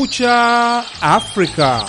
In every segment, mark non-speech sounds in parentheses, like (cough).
Kucha Afrika.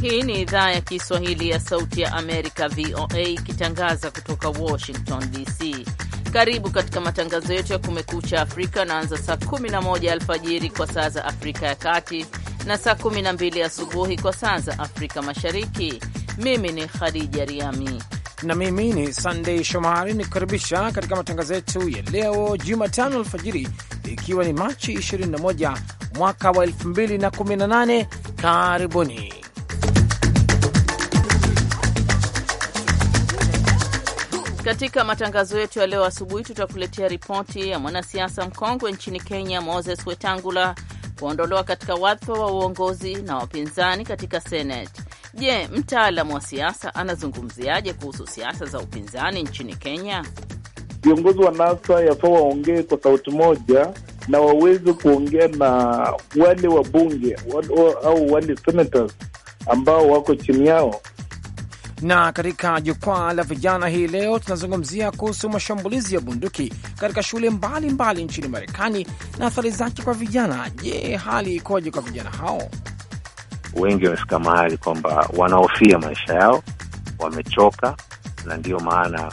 Hii ni idhaa ya Kiswahili ya Sauti ya Amerika, VOA, ikitangaza kutoka Washington DC. Karibu katika matangazo yetu ya Kumekucha Afrika naanza saa 11 alfajiri kwa saa za Afrika ya Kati na saa 12 asubuhi kwa saa za Afrika Mashariki. Mimi ni Khadija Riami na mimi ni sandey Shomari ni kukaribisha katika matangazo yetu ya leo Jumatano alfajiri, ikiwa ni Machi 21 mwaka wa 2018. Karibuni katika matangazo yetu ya leo asubuhi. Tutakuletea ripoti ya mwanasiasa mkongwe nchini Kenya Moses Wetangula kuondolewa katika wadhifa wa uongozi na wapinzani katika Senate. Je, mtaalamu wa siasa anazungumziaje kuhusu siasa za upinzani nchini Kenya? Viongozi wa NASA yafaa waongee kwa sauti moja na waweze kuongea na wale wabunge au wale senators ambao wako chini yao. Na katika jukwaa la vijana hii leo tunazungumzia kuhusu mashambulizi ya bunduki katika shule mbalimbali mbali nchini Marekani na athari zake kwa vijana. Je, hali ikoje kwa vijana hao? wengi wamefika mahali kwamba wanahofia maisha yao, wamechoka, na ndiyo maana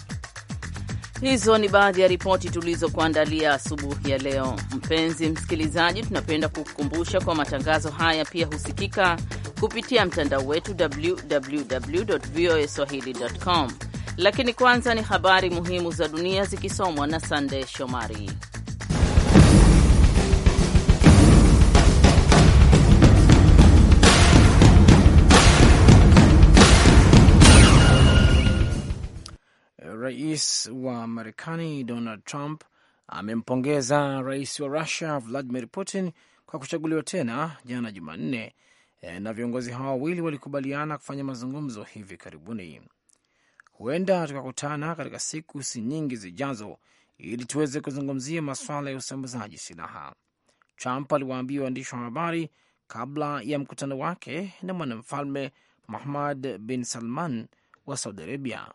Hizo ni baadhi ya ripoti tulizokuandalia asubuhi ya leo. Mpenzi msikilizaji, tunapenda kukukumbusha kwa matangazo haya pia husikika kupitia mtandao wetu www voa swahili.com. Lakini kwanza ni habari muhimu za dunia zikisomwa na Sandey Shomari. Rais wa Marekani Donald Trump amempongeza rais wa Russia Vladimir Putin kwa kuchaguliwa tena jana Jumanne, eh, na viongozi hao wawili walikubaliana kufanya mazungumzo hivi karibuni. Huenda tukakutana katika siku si nyingi zijazo ili tuweze kuzungumzia masuala ya usambazaji silaha, Trump aliwaambia waandishi wa habari kabla ya mkutano wake na mwanamfalme Muhammad bin Salman wa Saudi Arabia.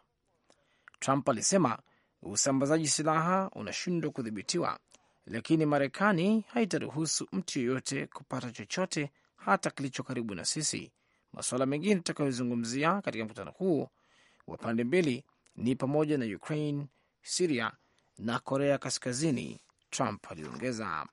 Trump alisema usambazaji silaha unashindwa kudhibitiwa, lakini Marekani haitaruhusu mtu yeyote kupata chochote, hata kilicho karibu na sisi. Masuala mengine tutakayozungumzia katika mkutano huu wa pande mbili ni pamoja na Ukraine, Siria na Korea Kaskazini, Trump aliongeza.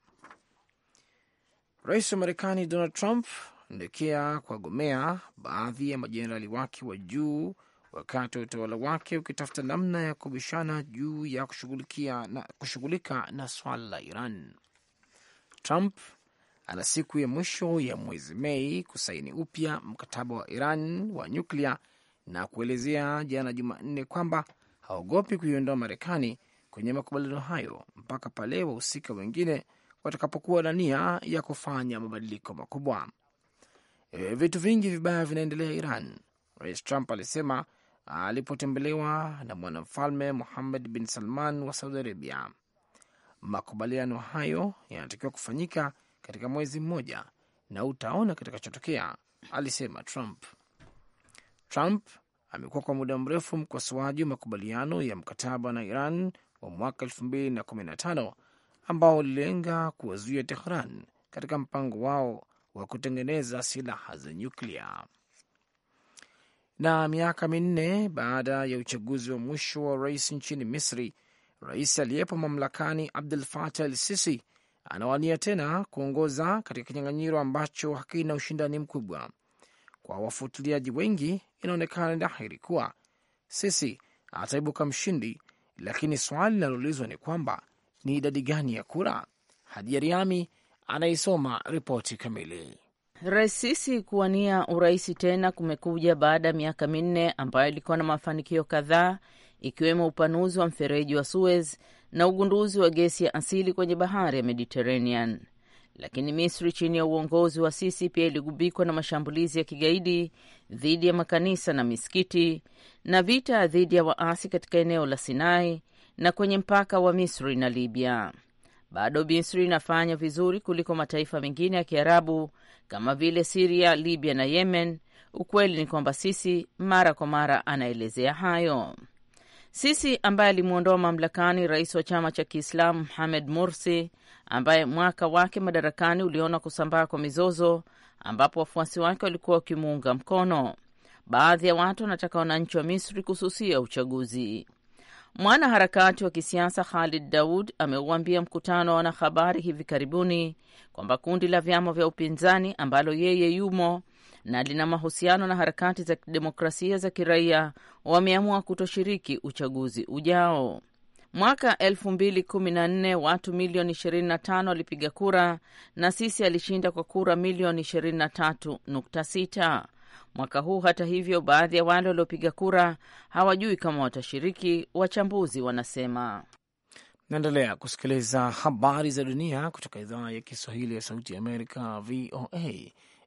Rais wa Marekani Donald Trump anaelekea kuwagomea baadhi ya majenerali wake wa juu wakati wa utawala wake ukitafuta namna ya kubishana juu ya kushughulika na, na swala la Iran. Trump ana siku ya mwisho ya mwezi Mei kusaini upya mkataba wa Iran wa nyuklia na kuelezea jana Jumanne kwamba haogopi kuiondoa Marekani kwenye makubaliano hayo mpaka pale wahusika wengine watakapokuwa na nia ya kufanya mabadiliko makubwa. E, vitu vingi vibaya vinaendelea Iran, Rais Trump alisema alipotembelewa na mwanamfalme Muhammad bin Salman wa Saudi Arabia. Makubaliano hayo yanatakiwa kufanyika katika mwezi mmoja na utaona kitakachotokea, alisema Trump. Trump amekuwa kwa muda mrefu mkosoaji wa makubaliano ya mkataba na Iran wa mwaka 2015 ambao ulilenga kuwazuia Tehran katika mpango wao wa kutengeneza silaha za nyuklia. Na miaka minne baada ya uchaguzi wa mwisho wa rais nchini Misri, rais aliyepo mamlakani Abdul Fatah al Sisi anawania tena kuongoza katika kinyang'anyiro ambacho hakina ushindani mkubwa. Kwa wafuatiliaji wengi, inaonekana dhahiri kuwa Sisi ataibuka mshindi, lakini swali linaloulizwa ni kwamba ni idadi gani ya kura? Hadi Yariami anaisoma ripoti kamili. Rais Sisi kuwania urais tena kumekuja baada ya miaka minne ambayo ilikuwa na mafanikio kadhaa ikiwemo upanuzi wa mfereji wa Suez na ugunduzi wa gesi ya asili kwenye bahari ya Mediterranean. Lakini Misri chini ya uongozi wa Sisi pia iligubikwa na mashambulizi ya kigaidi dhidi ya makanisa na misikiti na vita dhidi ya waasi katika eneo la Sinai na kwenye mpaka wa Misri na Libya. Bado Misri inafanya vizuri kuliko mataifa mengine ya Kiarabu kama vile Siria, Libya na Yemen. Ukweli ni kwamba Sisi mara kwa mara anaelezea hayo. Sisi ambaye alimwondoa mamlakani rais wa chama cha Kiislamu Mohamed Morsi, ambaye mwaka wake madarakani uliona kusambaa kwa mizozo, ambapo wafuasi wake walikuwa wakimuunga mkono. Baadhi ya watu wanataka wananchi wa Misri kususia uchaguzi. Mwanaharakati wa kisiasa Khalid Daud ameuambia mkutano wa wanahabari hivi karibuni kwamba kundi la vyama vya upinzani ambalo yeye yumo na lina mahusiano na harakati za kidemokrasia za kiraia wameamua kutoshiriki uchaguzi ujao. Mwaka 2014 watu milioni 25 walipiga kura na Sisi alishinda kwa kura milioni 23.6. Mwaka huu hata hivyo, baadhi ya wale waliopiga kura hawajui kama watashiriki, wachambuzi wanasema. Naendelea kusikiliza habari za dunia kutoka idhaa ya Kiswahili ya Sauti ya Amerika, VOA,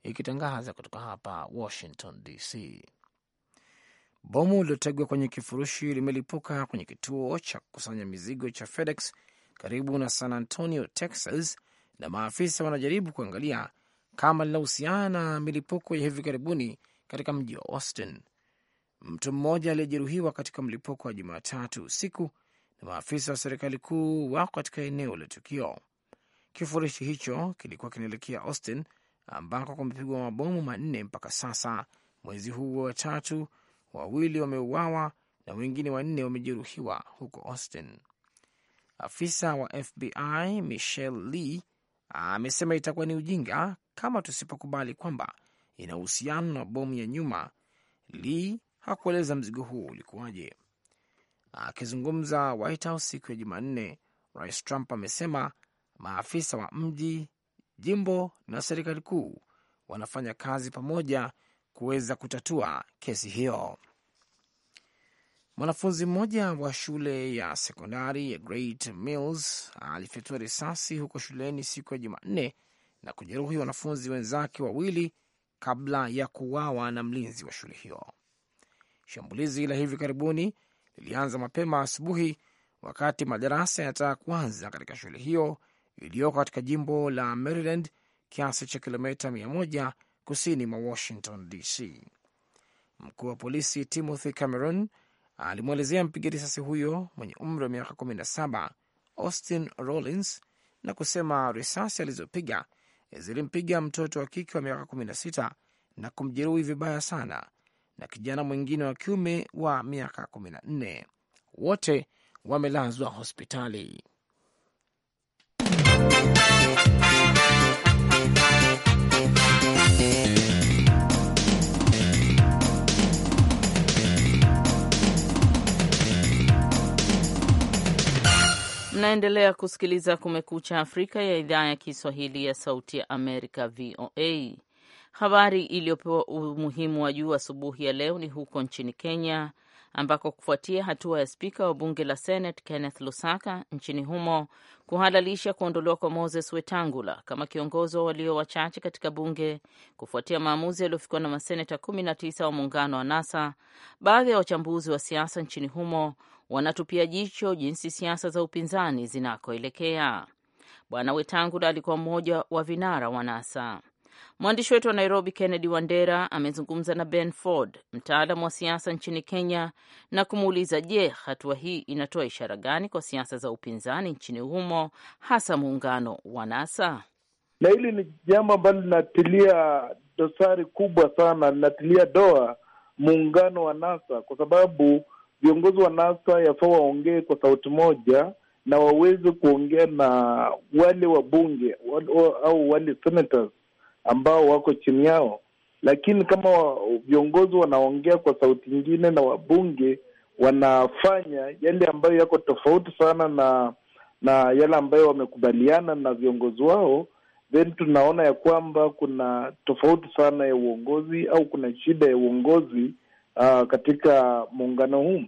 ikitangaza kutoka hapa Washington DC. Bomu lilotegwa kwenye kifurushi limelipuka kwenye kituo cha kukusanya mizigo cha FedEx karibu na San Antonio, Texas, na maafisa wanajaribu kuangalia kama linahusiana na milipuko ya hivi karibuni katika mji wa Austin. Mtu mmoja aliyejeruhiwa katika mlipuko wa Jumatatu usiku na maafisa wa serikali kuu wako katika eneo la tukio. Kifurushi hicho kilikuwa kinaelekea Austin ambako kumepigwa mabomu manne mpaka sasa. Mwezi huu wa tatu, wawili wameuawa na wengine wanne wamejeruhiwa huko Austin. Afisa wa FBI Michelle Lee amesema itakuwa ni ujinga kama tusipokubali kwamba ina uhusiano na bomu ya nyuma. Lee hakueleza mzigo huo ulikuwaje. Akizungumza White House siku ya Jumanne, Rais Trump amesema maafisa wa mji, jimbo na serikali kuu wanafanya kazi pamoja kuweza kutatua kesi hiyo. Mwanafunzi mmoja wa shule ya sekondari ya Great Mills alifyatua risasi huko shuleni siku ya Jumanne na kujeruhi wanafunzi wenzake wawili kabla ya kuuawa na mlinzi wa shule hiyo. Shambulizi la hivi karibuni lilianza mapema asubuhi wakati madarasa yanataka kuanza katika shule hiyo iliyoko katika jimbo la Maryland, kiasi cha kilomita 1 kusini mwa Washington DC. Mkuu wa polisi Timothy Cameron alimwelezea mpiga risasi huyo mwenye umri wa miaka 17 Austin Rollins na kusema risasi alizopiga zilimpiga mtoto wa kike wa miaka 16 na kumjeruhi vibaya sana na kijana mwingine wa kiume wa miaka 14. Wote wamelazwa hospitali. Mnaendelea kusikiliza Kumekucha Afrika ya idhaa ya Kiswahili ya Sauti ya Amerika, VOA. Habari iliyopewa umuhimu wa juu asubuhi ya leo ni huko nchini Kenya, ambako kufuatia hatua ya spika wa bunge la Senate Kenneth Lusaka nchini humo kuhalalisha kuondolewa kwa Moses Wetangula kama kiongozi wa walio wachache katika bunge kufuatia maamuzi yaliyofikiwa na maseneta 19 wa muungano wa NASA, baadhi ya wachambuzi wa siasa nchini humo wanatupia jicho jinsi siasa za upinzani zinakoelekea. Bwana Wetangula alikuwa mmoja wa vinara wa NASA. Mwandishi wetu wa Nairobi, Kennedy Wandera, amezungumza na Ben Ford, mtaalamu wa siasa nchini Kenya, na kumuuliza je, hatua hii inatoa ishara gani kwa siasa za upinzani nchini humo, hasa muungano wa NASA? Na hili ni jambo ambalo linatilia dosari kubwa sana, linatilia doa muungano wa NASA kwa sababu viongozi wa NASA yafaa waongee kwa sauti moja na waweze kuongea na wale wabunge au wale senators ambao wako chini yao. Lakini kama viongozi wanaongea kwa sauti ingine na wabunge wanafanya yale ambayo yako tofauti sana na na yale ambayo wamekubaliana na viongozi wao, then tunaona ya kwamba kuna tofauti sana ya uongozi au kuna shida ya uongozi uh, katika muungano huu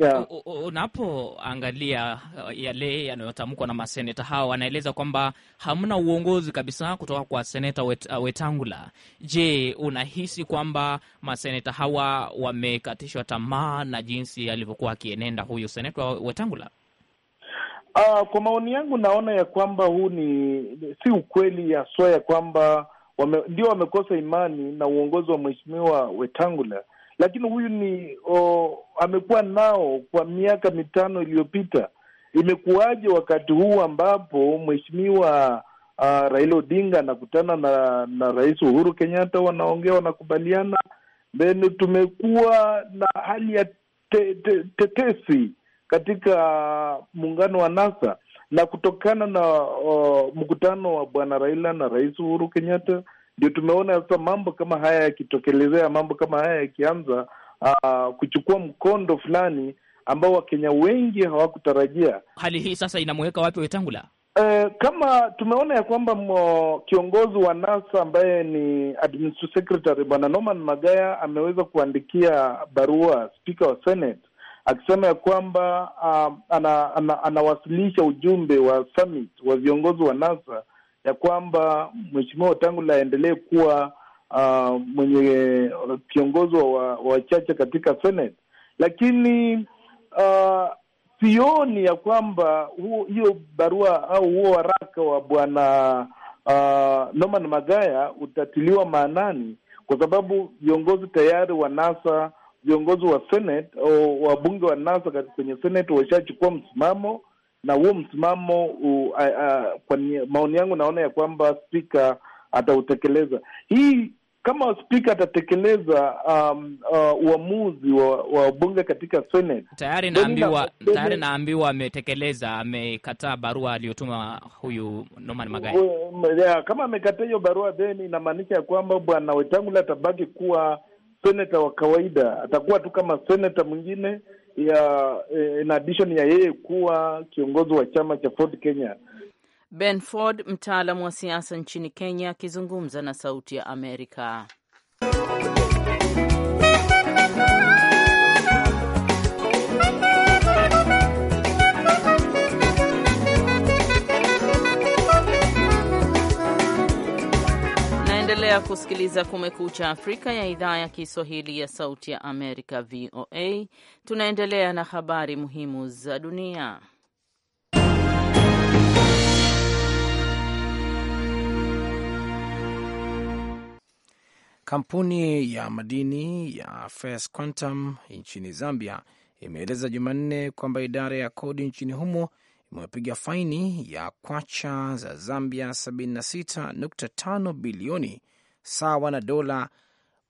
yeah. Unapoangalia uh, yale yanayotamkwa na maseneta hao, wanaeleza kwamba hamna uongozi kabisa kutoka kwa seneta wet, uh, Wetangula. Je, unahisi kwamba maseneta hawa wamekatishwa tamaa na jinsi alivyokuwa akienenda huyu seneta Wetangula? Uh, kwa maoni yangu naona ya kwamba huu ni si ukweli haswa ya, ya kwamba wame, ndio wamekosa imani na uongozi wa mheshimiwa Wetangula lakini huyu ni oh, amekuwa nao kwa miaka mitano iliyopita. Imekuwaje wakati huu ambapo mheshimiwa uh, Raila Odinga anakutana na na Rais Uhuru Kenyatta, wanaongea wanakubaliana, then tumekuwa na hali ya te, te, tetesi katika muungano wa NASA na kutokana na uh, mkutano wa bwana Raila na Rais Uhuru Kenyatta ndio tumeona sasa mambo kama haya yakitokelezea, mambo kama haya yakianza uh, kuchukua mkondo fulani ambao Wakenya wengi hawakutarajia. Hali hii sasa inamuweka wapi Wetangula? Eh, kama tumeona ya kwamba kiongozi wa NASA ambaye ni administrative secretary bwana Norman Magaya ameweza kuandikia barua spika wa Senate akisema ya kwamba uh, ah, anawasilisha ana, ana ujumbe wa summit wa viongozi wa NASA ya kwamba Mheshimiwa Wetangula aendelee kuwa uh, mwenye kiongozi wa wachache katika Senate, lakini uh, sioni ya kwamba hiyo barua au huo waraka wa bwana uh, Norman Magaya utatiliwa maanani, kwa sababu viongozi tayari wa NASA, viongozi wa Senate, wabunge wa NASA kwenye Senate washachukua msimamo na huo msimamo uh, uh, kwa maoni yangu naona ya kwamba spika atautekeleza. Hii kama spika atatekeleza um, uh, uamuzi wa, wa bunge katika Senate. Tayari naambiwa tayari naambiwa ametekeleza, amekataa barua aliyotuma huyu Norman Magai. Kama amekataa hiyo barua, then inamaanisha ya kwamba bwana Wetangula atabaki kuwa seneta wa kawaida, atakuwa tu kama seneta mwingine ya eh, in addition ya yeye kuwa kiongozi wa chama cha Ford Kenya. Ben Ford, mtaalamu wa siasa nchini Kenya, akizungumza na Sauti ya Amerika. Unaendelea kusikiliza Kumekucha Afrika ya idhaa ya Kiswahili ya Sauti ya Amerika, VOA. Tunaendelea na habari muhimu za dunia. Kampuni ya madini ya First Quantum nchini Zambia imeeleza Jumanne kwamba idara ya kodi nchini humo imewapiga faini ya kwacha za Zambia 76.5 bilioni sawa na dola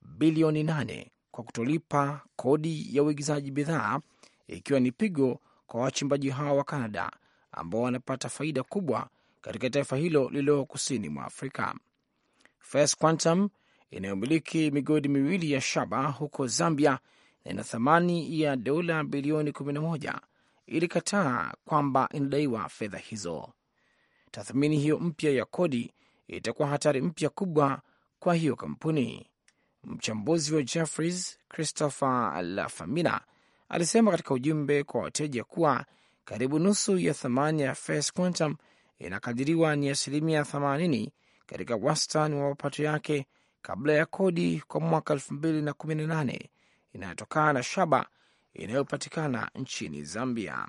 bilioni nane kwa kutolipa kodi ya uigizaji bidhaa, ikiwa ni pigo kwa wachimbaji hao wa Kanada ambao wanapata faida kubwa katika taifa hilo lililoko kusini mwa Afrika. First Quantum inayomiliki migodi miwili ya shaba huko Zambia na ina thamani ya dola bilioni 11 ilikataa kwamba inadaiwa fedha hizo. Tathmini hiyo mpya ya kodi itakuwa hatari mpya kubwa kwa hiyo kampuni. Mchambuzi wa Jefferies Christopher Lafamina alisema katika ujumbe kwa wateja kuwa karibu nusu ya thamani ya First Quantum inakadiriwa ni asilimia 80 katika wastani wa mapato yake kabla ya kodi kwa mwaka 2018 inayotokana na shaba inayopatikana nchini Zambia.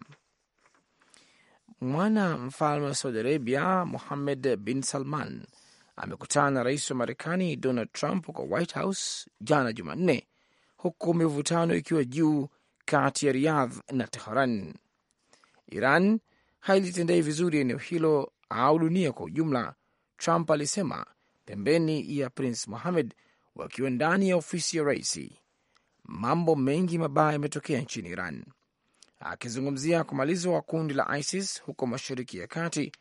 Mwana mfalme wa Saudi Arabia Muhamed bin Salman amekutana na rais wa Marekani Donald Trump kwa White House jana Jumanne, huku mivutano ikiwa juu kati ya Riyadh na Teheran. Iran hailitendei vizuri eneo hilo au dunia kwa ujumla, Trump alisema pembeni ya Prince Mohammed wakiwa ndani ya ofisi ya rais Mambo mengi mabaya yametokea nchini Iran. Akizungumzia kumalizwa wa kundi la ISIS huko mashariki ya kati,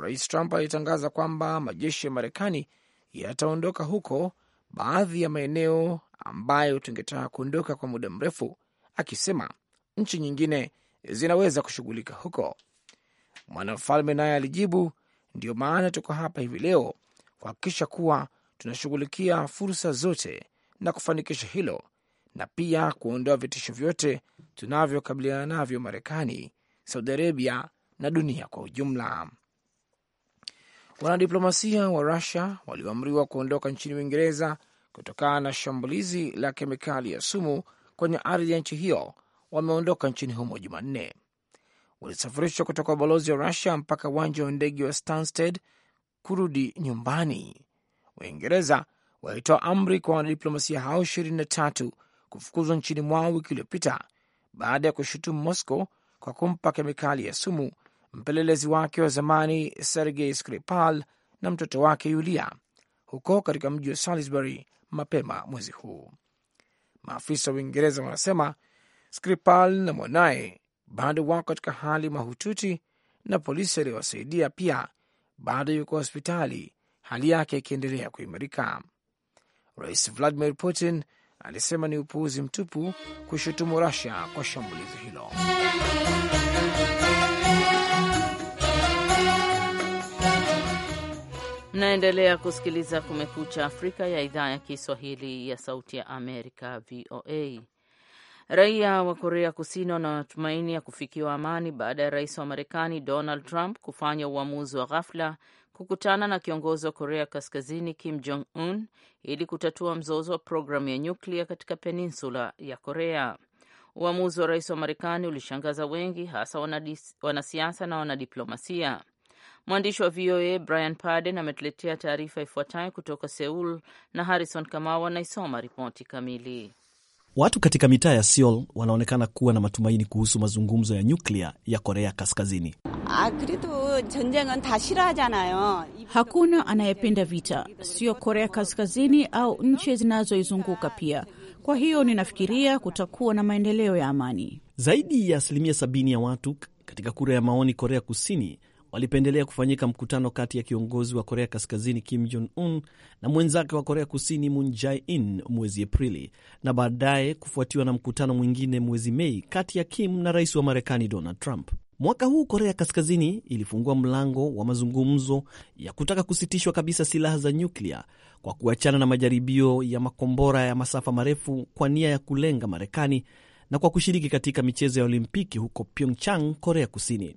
Rais Trump alitangaza kwamba majeshi ya Marekani yataondoka huko baadhi ya maeneo ambayo tungetaka kuondoka kwa muda mrefu, akisema nchi nyingine zinaweza kushughulika huko. Mwanamfalme naye alijibu, ndio maana tuko hapa hivi leo kuhakikisha kuwa tunashughulikia fursa zote na kufanikisha hilo, na pia kuondoa vitisho vyote tunavyokabiliana navyo Marekani, Saudi Arabia na dunia kwa ujumla. Wanadiplomasia wa Rusia walioamriwa kuondoka nchini Uingereza kutokana na shambulizi la kemikali ya sumu kwenye ardhi ya nchi hiyo wameondoka nchini humo Jumanne. Walisafirishwa kutoka ubalozi wa Rusia mpaka uwanja wa ndege wa Stansted kurudi nyumbani. Waingereza walitoa amri kwa wanadiplomasia hao ishirini na tatu kufukuzwa nchini mwao wiki iliyopita baada ya kushutumu Moscow kwa kumpa kemikali ya sumu mpelelezi wake wa zamani Sergei Skripal na mtoto wake Yulia huko katika mji wa Salisbury mapema mwezi huu. Maafisa wa Uingereza wanasema Skripal na mwanaye bado wako katika hali mahututi na polisi aliyowasaidia pia bado yuko hospitali, hali yake ikiendelea kuimarika. Rais Vladimir Putin alisema ni upuuzi mtupu kushutumu rasia kwa shambulizi hilo. Mnaendelea kusikiliza Kumekucha Afrika ya idhaa ya Kiswahili ya Sauti ya Amerika, VOA. Raia wa Korea Kusini wana matumaini ya kufikiwa amani baada ya rais wa Marekani Donald Trump kufanya uamuzi wa ghafla kukutana na kiongozi wa Korea Kaskazini Kim Jong Un ili kutatua mzozo wa programu ya nyuklia katika peninsula ya Korea. Uamuzi wa rais wa Marekani ulishangaza wengi, hasa wanasiasa na wanadiplomasia. Mwandishi wa VOA Brian Paden ametuletea taarifa ifuatayo kutoka Seul na Harrison Kamau anaisoma ripoti kamili. Watu katika mitaa ya Seoul wanaonekana kuwa na matumaini kuhusu mazungumzo ya nyuklia ya Korea Kaskazini. Ah, Hakuna anayependa vita, sio Korea Kaskazini au nchi zinazoizunguka pia. Kwa hiyo ninafikiria kutakuwa na maendeleo ya amani. Zaidi ya asilimia sabini ya watu katika kura ya maoni Korea Kusini walipendelea kufanyika mkutano kati ya kiongozi wa Korea Kaskazini Kim Jong Un na mwenzake wa Korea Kusini Moon Jae-in mwezi Aprili na baadaye kufuatiwa na mkutano mwingine mwezi Mei kati ya Kim na rais wa Marekani Donald Trump. Mwaka huu Korea Kaskazini ilifungua mlango wa mazungumzo ya kutaka kusitishwa kabisa silaha za nyuklia kwa kuachana na majaribio ya makombora ya masafa marefu kwa nia ya kulenga Marekani na kwa kushiriki katika michezo ya Olimpiki huko Pyeongchang, Korea Kusini.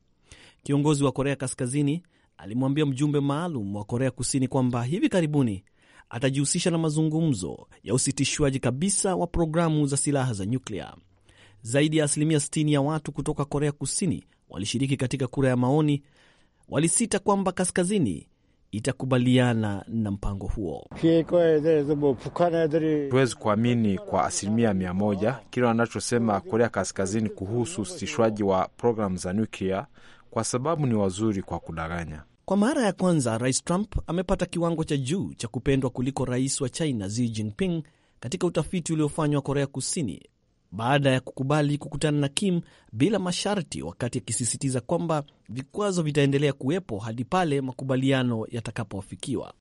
Kiongozi wa Korea Kaskazini alimwambia mjumbe maalum wa Korea Kusini kwamba hivi karibuni atajihusisha na mazungumzo ya usitishwaji kabisa wa programu za silaha za nyuklia. Zaidi ya asilimia 60 ya watu kutoka Korea Kusini walishiriki katika kura ya maoni, walisita kwamba Kaskazini itakubaliana na mpango huo. Tuwezi kuamini kwa asilimia mia moja kile wanachosema Korea Kaskazini kuhusu usitishwaji wa programu za nyuklia kwa sababu ni wazuri kwa kudanganya. Kwa mara ya kwanza, Rais Trump amepata kiwango cha juu cha kupendwa kuliko rais wa China Xi Jinping katika utafiti uliofanywa Korea Kusini baada ya kukubali kukutana na Kim bila masharti, wakati akisisitiza kwamba vikwazo vitaendelea kuwepo hadi pale makubaliano yatakapofikiwa.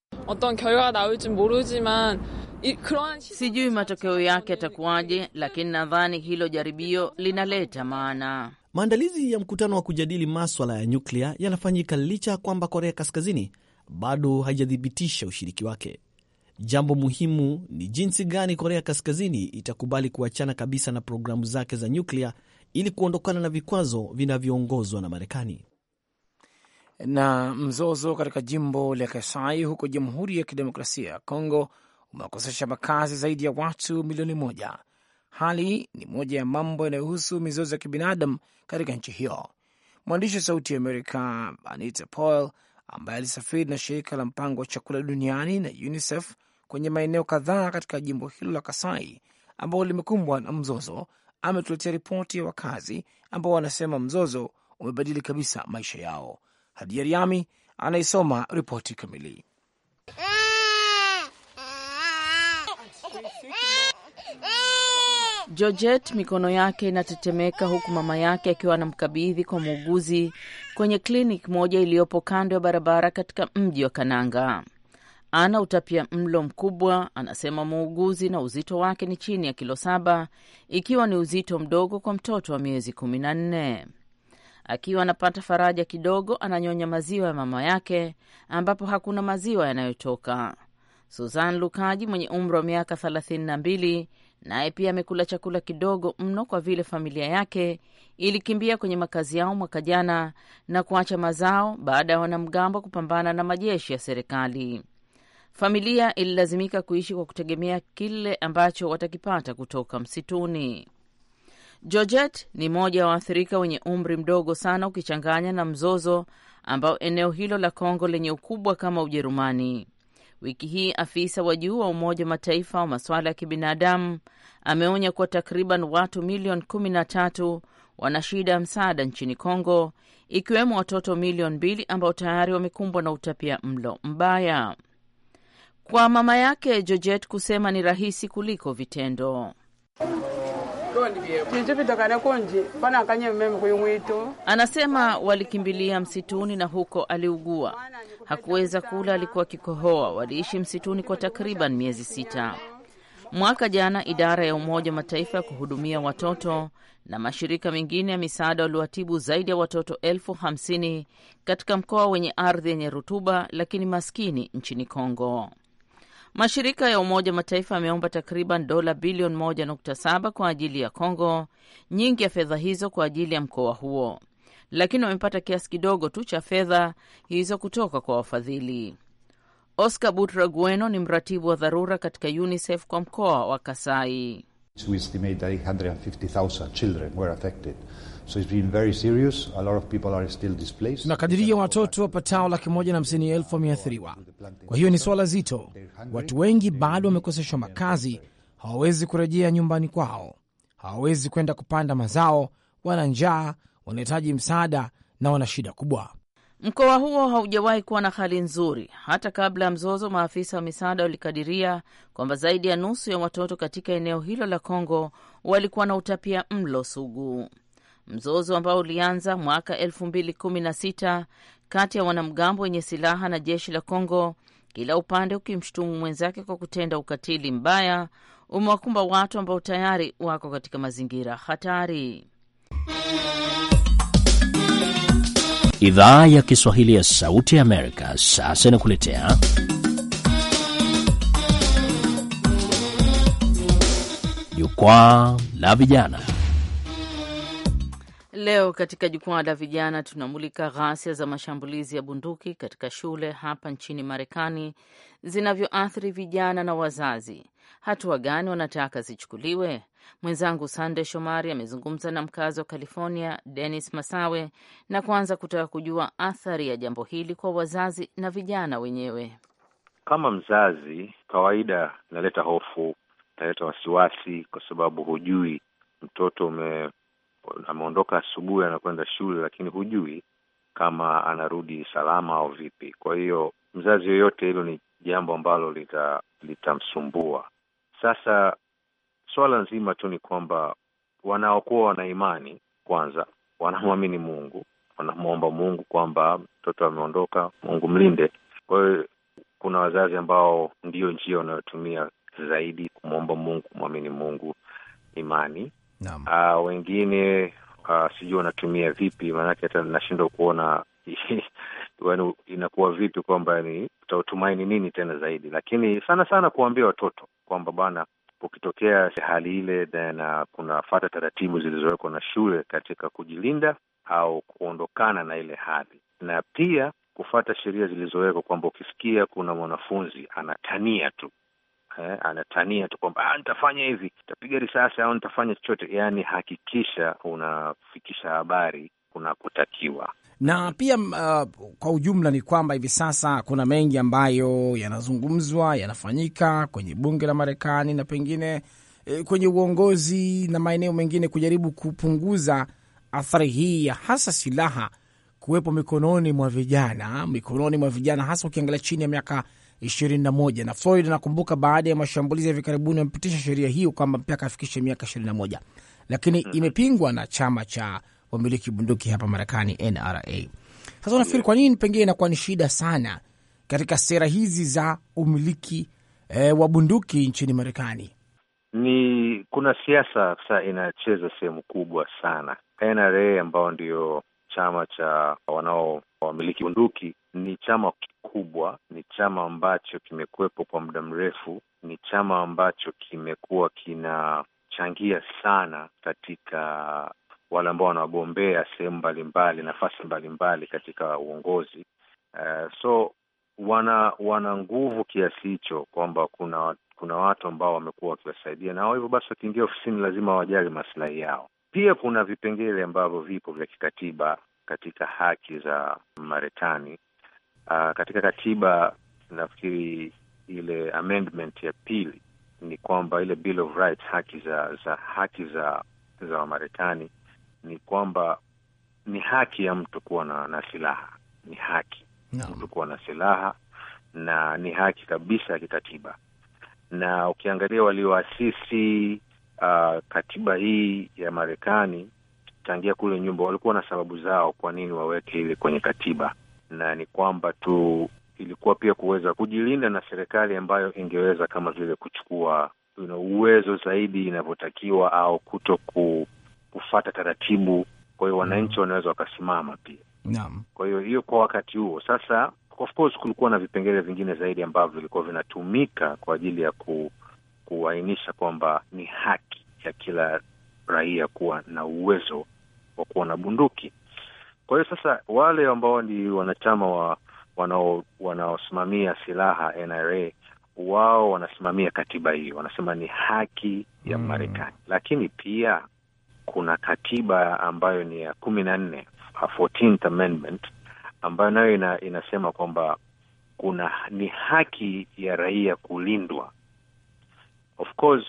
Sijui matokeo yake yatakuwaje, lakini nadhani hilo jaribio linaleta maana. Maandalizi ya mkutano wa kujadili maswala ya nyuklia yanafanyika licha ya kwamba Korea Kaskazini bado haijathibitisha ushiriki wake. Jambo muhimu ni jinsi gani Korea Kaskazini itakubali kuachana kabisa na programu zake za nyuklia ili kuondokana na vikwazo vinavyoongozwa na Marekani. Na mzozo katika jimbo la Kasai huko Jamhuri ya Kidemokrasia ya Kongo umekosesha makazi zaidi ya watu milioni moja Hali ni moja ya mambo yanayohusu mizozo ya kibinadam katika nchi hiyo. Mwandishi wa Sauti ya Amerika Anita Powell ambaye alisafiri na shirika la mpango wa chakula duniani na UNICEF kwenye maeneo kadhaa katika jimbo hilo la Kasai ambao limekumbwa na mzozo ametuletea ripoti ya wakazi ambao wanasema mzozo umebadili kabisa maisha yao. Hadija Riami anaisoma ripoti kamili. Georgette mikono yake inatetemeka huku mama yake akiwa anamkabidhi kwa muuguzi kwenye klinik moja iliyopo kando ya barabara katika mji wa Kananga. Ana utapia mlo mkubwa, anasema muuguzi, na uzito wake ni chini ya kilo saba, ikiwa ni uzito mdogo kwa mtoto wa miezi kumi na nne. Akiwa anapata faraja kidogo, ananyonya maziwa ya mama yake, ambapo hakuna maziwa yanayotoka. Suzan Lukaji mwenye umri wa miaka thelathini na mbili naye pia amekula chakula kidogo mno kwa vile familia yake ilikimbia kwenye makazi yao mwaka jana na kuacha mazao baada ya wanamgambo kupambana na majeshi ya serikali. Familia ililazimika kuishi kwa kutegemea kile ambacho watakipata kutoka msituni. Georgette ni mmoja wa waathirika wenye umri mdogo sana ukichanganya na mzozo ambao eneo hilo la Kongo lenye ukubwa kama Ujerumani Wiki hii afisa wa juu wa Umoja wa Mataifa wa masuala ya kibinadamu ameonya kuwa takriban watu milioni kumi na tatu wana shida ya msaada nchini Kongo, ikiwemo watoto milioni mbili ambao tayari wamekumbwa na utapia mlo mbaya. Kwa mama yake Georgette kusema ni rahisi kuliko vitendo. Anasema walikimbilia msituni na huko aliugua, hakuweza kula, alikuwa kikohoa. Waliishi msituni kwa takriban miezi sita. Mwaka jana idara ya Umoja wa Mataifa ya kuhudumia watoto na mashirika mengine ya misaada waliwatibu zaidi ya watoto elfu hamsini katika mkoa wenye ardhi yenye rutuba lakini maskini nchini Kongo. Mashirika ya Umoja Mataifa yameomba takriban dola bilioni 1.7 kwa ajili ya congo nyingi ya fedha hizo kwa ajili ya mkoa huo, lakini wamepata kiasi kidogo tu cha fedha hizo kutoka kwa wafadhili. Oscar Butragueno ni mratibu wa dharura katika UNICEF kwa mkoa wa Kasai. So So it's been very serious. A lot of people are still displaced. Tunakadiria watoto wapatao laki moja na hamsini elfu wameathiriwa, kwa hiyo ni swala zito. Watu wengi bado wamekoseshwa makazi, hawawezi kurejea nyumbani kwao, hawawezi kwenda kupanda mazao, wana njaa, wanahitaji msaada na wana shida kubwa. Mkoa huo haujawahi kuwa na hali nzuri. Hata kabla ya mzozo, maafisa wa misaada walikadiria kwamba zaidi ya nusu ya watoto katika eneo hilo la Kongo walikuwa na utapia mlo sugu mzozo ambao ulianza mwaka 216 kati ya wanamgambo wenye silaha na jeshi la congo kila upande ukimshutumu mwenzake kwa kutenda ukatili mbaya, umewakumba watu ambao tayari wako katika mazingira hatari. Idhaa ya Kiswahili ya Sauti ya Amerika sasa inakuletea jukwaa la vijana. Leo katika jukwaa la vijana tunamulika ghasia za mashambulizi ya bunduki katika shule hapa nchini Marekani zinavyoathiri vijana na wazazi. Hatua gani wanataka zichukuliwe? Mwenzangu Sande Shomari amezungumza na mkazi wa California Dennis Masawe na kuanza kutaka kujua athari ya jambo hili kwa wazazi na vijana wenyewe. Kama mzazi, kawaida naleta hofu, naleta wasiwasi, kwa sababu hujui mtoto ume ameondoka asubuhi anakwenda shule, lakini hujui kama anarudi salama au vipi. Kwa hiyo mzazi yoyote, hilo ni jambo ambalo litamsumbua lita. Sasa swala nzima tu ni kwamba wanaokuwa wana imani kwanza, wanamwamini Mungu, wanamwomba Mungu kwamba mtoto ameondoka, Mungu mlinde. Kwa hiyo kuna wazazi ambao ndiyo njia wanayotumia zaidi kumwomba Mungu, kumwamini Mungu, imani uh, wengine uh, sijui wanatumia vipi, maanake hata nashindwa kuona (laughs) yaani inakuwa vipi kwamba ni utatumaini nini tena zaidi, lakini sana sana kuwaambia watoto kwamba bana, ukitokea hali ile then uh, ah, kunafata taratibu zilizowekwa na shule katika kujilinda au kuondokana na ile hali, na pia kufata sheria zilizowekwa kwamba ukisikia kuna mwanafunzi anatania tu eh, anatania tu kwamba ah, nitafanya hivi, nitapiga risasi au nitafanya chochote. Yaani hakikisha unafikisha habari kunapotakiwa na pia uh, kwa ujumla ni kwamba hivi sasa kuna mengi ambayo yanazungumzwa yanafanyika kwenye bunge la Marekani na pengine eh, kwenye uongozi na maeneo mengine kujaribu kupunguza athari hii ya hasa silaha kuwepo mikononi mwa vijana, mikononi mwa vijana hasa ukiangalia chini ya miaka 21 na Floyd anakumbuka baada ya mashambulizi ya hivi karibuni wamepitisha sheria hiyo kwamba mpaka afikishe miaka 21, lakini mm -hmm. imepingwa na chama cha wamiliki bunduki hapa Marekani, NRA. Sasa unafikiri kwa nini pengine inakuwa ni shida sana katika sera hizi za umiliki e, wa bunduki nchini Marekani? Ni kuna siasa sasa inacheza sehemu kubwa sana. NRA ambao ndio chama cha wanao wamiliki bunduki ni chama kikubwa, ni chama ambacho kimekuwepo kwa muda mrefu, ni chama ambacho kimekuwa kinachangia sana katika wale ambao wanagombea sehemu mbalimbali, nafasi mbalimbali katika uongozi. Uh, so wana wana nguvu kiasi hicho kwamba kuna kuna watu ambao wamekuwa wakiwasaidia na hivyo basi wakiingia ofisini lazima wajali masilahi yao. Pia kuna vipengele ambavyo vipo vya kikatiba katika haki za Marekani Uh, katika katiba nafikiri ile amendment ya pili ni kwamba ile Bill of Rights, haki za za haki za za Wamarekani ni kwamba ni haki ya mtu kuwa na, na silaha ni haki no. mtu kuwa na silaha na ni haki kabisa ya kikatiba, na ukiangalia walioasisi uh, katiba hii ya Marekani tangia kule nyumba walikuwa na sababu zao kwa nini waweke ile kwenye katiba na ni kwamba tu ilikuwa pia kuweza kujilinda na serikali ambayo ingeweza kama vile kuchukua una uwezo zaidi inavyotakiwa au kuto kufata taratibu. Kwa hiyo wananchi wanaweza wakasimama pia. Naam, kwa hiyo hiyo kwa wakati huo sasa, of course, kulikuwa na vipengele vingine zaidi ambavyo vilikuwa vinatumika kwa ajili ya ku, kuainisha kwamba ni haki ya kila raia kuwa na uwezo wa kuwa na bunduki kwa hiyo sasa wale ambao ni wanachama wa wanaosimamia wanao silaha NRA wao wanasimamia katiba hiyo, wanasema ni haki ya hmm. Marekani mm. Lakini pia kuna katiba ambayo ni ya kumi na nne, 14th Amendment, ambayo nayo ina, inasema kwamba kuna ni haki ya raia kulindwa. Of course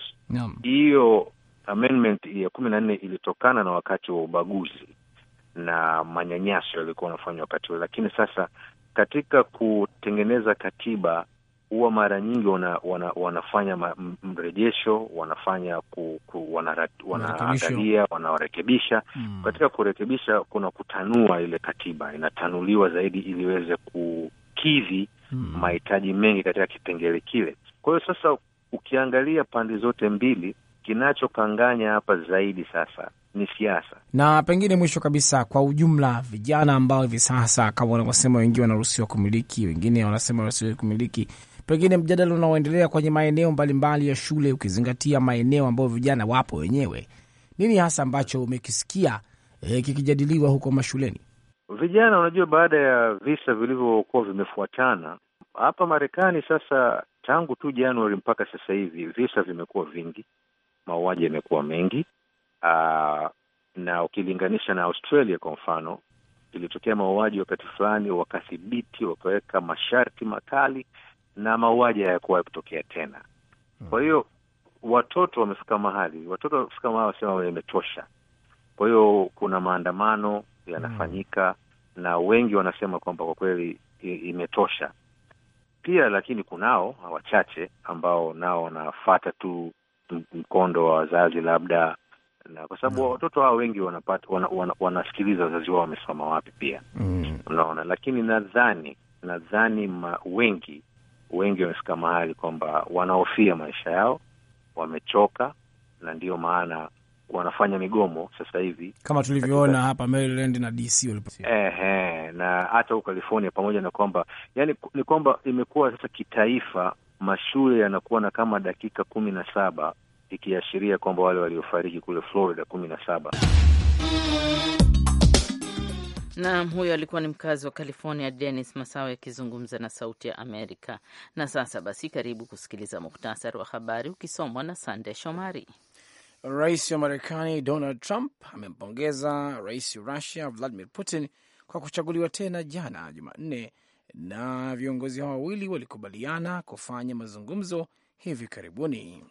hiyo no. amendment ya kumi na nne ilitokana na wakati wa ubaguzi na manyanyaso yalikuwa wanafanywa wakati ule. Lakini sasa katika kutengeneza katiba huwa mara nyingi wana, wana, wanafanya mrejesho wanafanya ku, ku, wana, wanaangalia wanawarekebisha. mm. Katika kurekebisha kuna kutanua ile katiba, inatanuliwa zaidi ili iweze kukidhi mm. mahitaji mengi katika kipengele kile. Kwa hiyo sasa ukiangalia pande zote mbili, kinachokanganya hapa zaidi sasa ni siasa. Na pengine mwisho kabisa, kwa ujumla, vijana ambao hivi sasa kama wanavyosema wengi wanaruhusiwa kumiliki, wengine wanasema wanaruhusiwa kumiliki, pengine mjadala unaoendelea kwenye maeneo mbalimbali ya shule, ukizingatia maeneo ambayo vijana wapo wenyewe, nini hasa ambacho umekisikia eh, kikijadiliwa huko mashuleni? Vijana, unajua, baada ya visa vilivyokuwa vimefuatana hapa Marekani sasa, tangu tu Januari mpaka sasa hivi visa vimekuwa vingi, mauaji yamekuwa mengi, uh, na ukilinganisha na Australia kwa mfano, ilitokea mauaji wakati fulani, wakathibiti, wakaweka masharti makali na mauaji hayakuwahi kutokea tena. Hmm. Kwa hiyo watoto wamefika mahali, watoto wamefika mahali wasema imetosha. Kwa hiyo kuna maandamano yanafanyika mm, na wengi wanasema kwamba kwa kweli imetosha pia. Lakini kunao wachache ambao nao wanafata tu mkondo wa wazazi labda na kwa sababu no. watoto hao wengi wanapata wanasikiliza wana, wana wazazi wao wamesoma wapi pia mm. unaona, lakini nadhani nadhani wengi wengi wamefika mahali kwamba wanahofia maisha yao, wamechoka, na ndio maana wanafanya migomo sasa hivi kama tulivyoona hapa Maryland na DC ehe, na hata huko California, pamoja na kwamba yani ni kwamba imekuwa sasa kitaifa, mashule yanakuwa na kama dakika kumi na saba ikiashiria kwamba wale waliofariki kule Florida kumi na saba. Naam, huyo alikuwa ni mkazi wa California, Dennis Masawe akizungumza na Sauti ya Amerika. Na sasa basi, karibu kusikiliza muhtasari wa habari ukisomwa na Sande Shomari. Rais wa Marekani Donald Trump amempongeza rais wa Russia Vladimir Putin kwa kuchaguliwa tena jana Jumanne, na viongozi hao wawili walikubaliana kufanya mazungumzo hivi karibuni.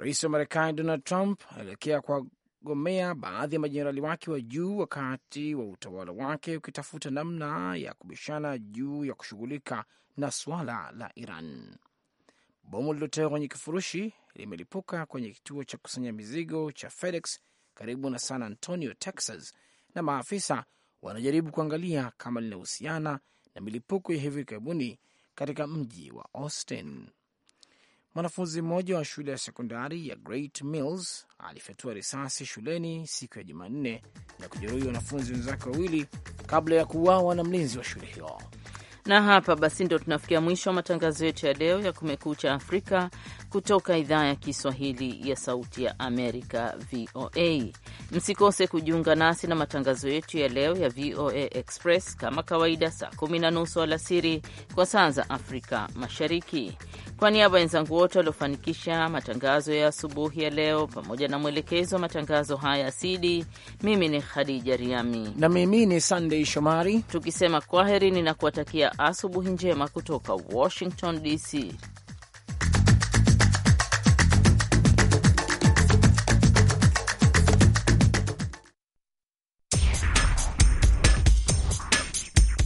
Rais wa Marekani Donald Trump alielekea kuwagomea baadhi ya majenerali wake wa juu wakati wa utawala wake ukitafuta namna ya kubishana juu ya kushughulika na suala la Iran. Bomu lililotewa kwenye kifurushi limelipuka kwenye kituo cha kusanya mizigo cha FedEx karibu na San Antonio, Texas, na maafisa wanajaribu kuangalia kama linahusiana na milipuko ya hivi karibuni katika mji wa Austin. Mwanafunzi mmoja wa shule ya sekondari ya Great Mills alifyatua risasi shuleni siku ya Jumanne na kujeruhi wanafunzi wenzake wawili kabla ya kuuawa na mlinzi wa shule hiyo. Na hapa basi ndo tunafikia mwisho wa matangazo yetu ya leo ya Kumekucha Afrika kutoka idhaa ya Kiswahili ya Sauti ya Amerika, VOA. Msikose kujiunga nasi na matangazo yetu ya leo ya VOA Express kama kawaida, saa kumi na nusu alasiri kwa saa za Afrika Mashariki. Kwa niaba ya wenzangu wote waliofanikisha matangazo ya asubuhi ya leo pamoja na mwelekezi wa matangazo haya asidi, mimi ni Khadija Riami na mimi ni Sandei Shomari, tukisema kwaheri, ninakuwatakia asubuhi njema kutoka Washington DC.